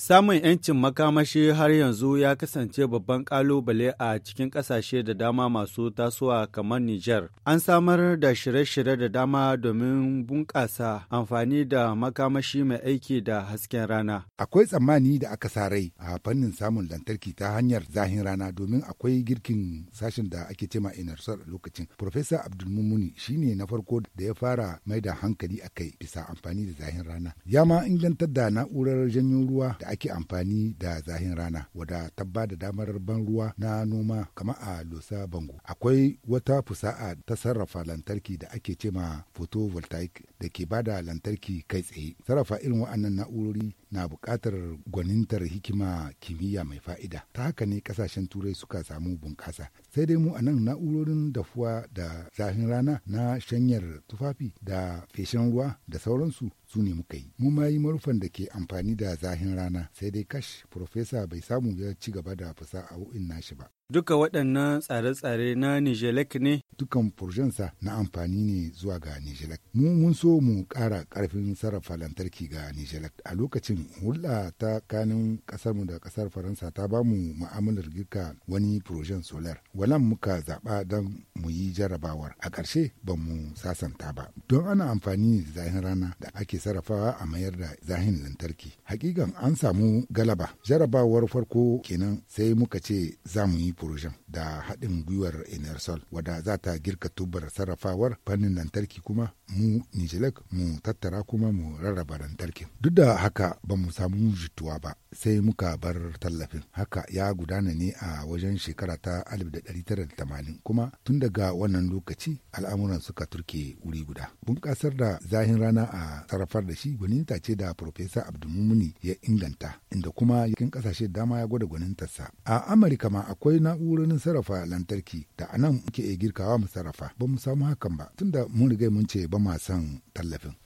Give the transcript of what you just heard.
Samun 'yancin makamashi har yanzu ya kasance babban ƙalubale a cikin ƙasashe da dama masu tasowa kamar Nijar. An samar da shirye-shirye da dama domin bunƙasa amfani da makamashi mai aiki da hasken rana. Akwai tsammani da aka sa rai a fannin samun lantarki ta hanyar zahin rana domin akwai girkin sashen da ake cema inarsar lokacin. Profesa Abdulmumuni ne na farko da ya fara mai da hankali a kai bisa amfani da zahin rana. Ya ma ingantar da na'urar janyo ruwa da ake amfani da zahin rana wadda tabba da damar ban ruwa na noma kamar a Losa Bango. Akwai wata fusa'a ta sarrafa lantarki da ake cema photovoltaic da ke bada lantarki kai tsaye. Sarrafa irin waɗannan na'urori na buƙatar gwanintar hikima kimiyya mai fa'ida ta haka ne ƙasashen turai suka samu bunƙasa sai dai mu a nan na'urorin dafuwa da zafin rana na shanyar tufafi da feshin ruwa da sauransu su ne muka yi mu ma yi marufan da ke amfani da zahin rana sai dai kash profesa bai samu ya ci gaba da fasa fasa'o'in nashi ba Duka waɗannan tsare-tsare na Nijelek ne? Dukan furjansa na amfani ne zuwa ga Nijelek. Mu mun so mu ƙara ƙarfin sarrafa lantarki ga Nijelek. A lokacin hulɗa ta kanin ƙasarmu da ƙasar Faransa ta ba mu ma'amalar girka wani furjan solar. Walan muka zaɓa don mu yi jarrabawar. A ƙarshe ba mu sasanta ba. Don ana amfani da zahin rana da ake sarrafawa a mayar da zahin lantarki. Hakikan an samu galaba. Jarrabawar farko kenan sai muka ce za mu yi projen da haɗin gwiwar enersol wadda za ta girka tubar sarrafawar fannin lantarki kuma mu nijilek mu tattara kuma mu rarraba lantarki duk da haka ba mu samu jituwa ba sai muka bar tallafin haka ya gudana ne a wajen shekara ta 1980 kuma tun daga wannan lokaci al'amuran suka turke wuri guda bunƙasar da zahin rana a sarrafar da shi gwaninta ce da profesa abdulmumuni ya inganta inda kuma yakin ƙasashe dama ya gwada gwanintarsa a amurka ma akwai na'urorin sarrafa lantarki da anan muke girkawa mu sarrafa ba mu samu hakan ba tunda mun riga mun ce ba ma son tallafin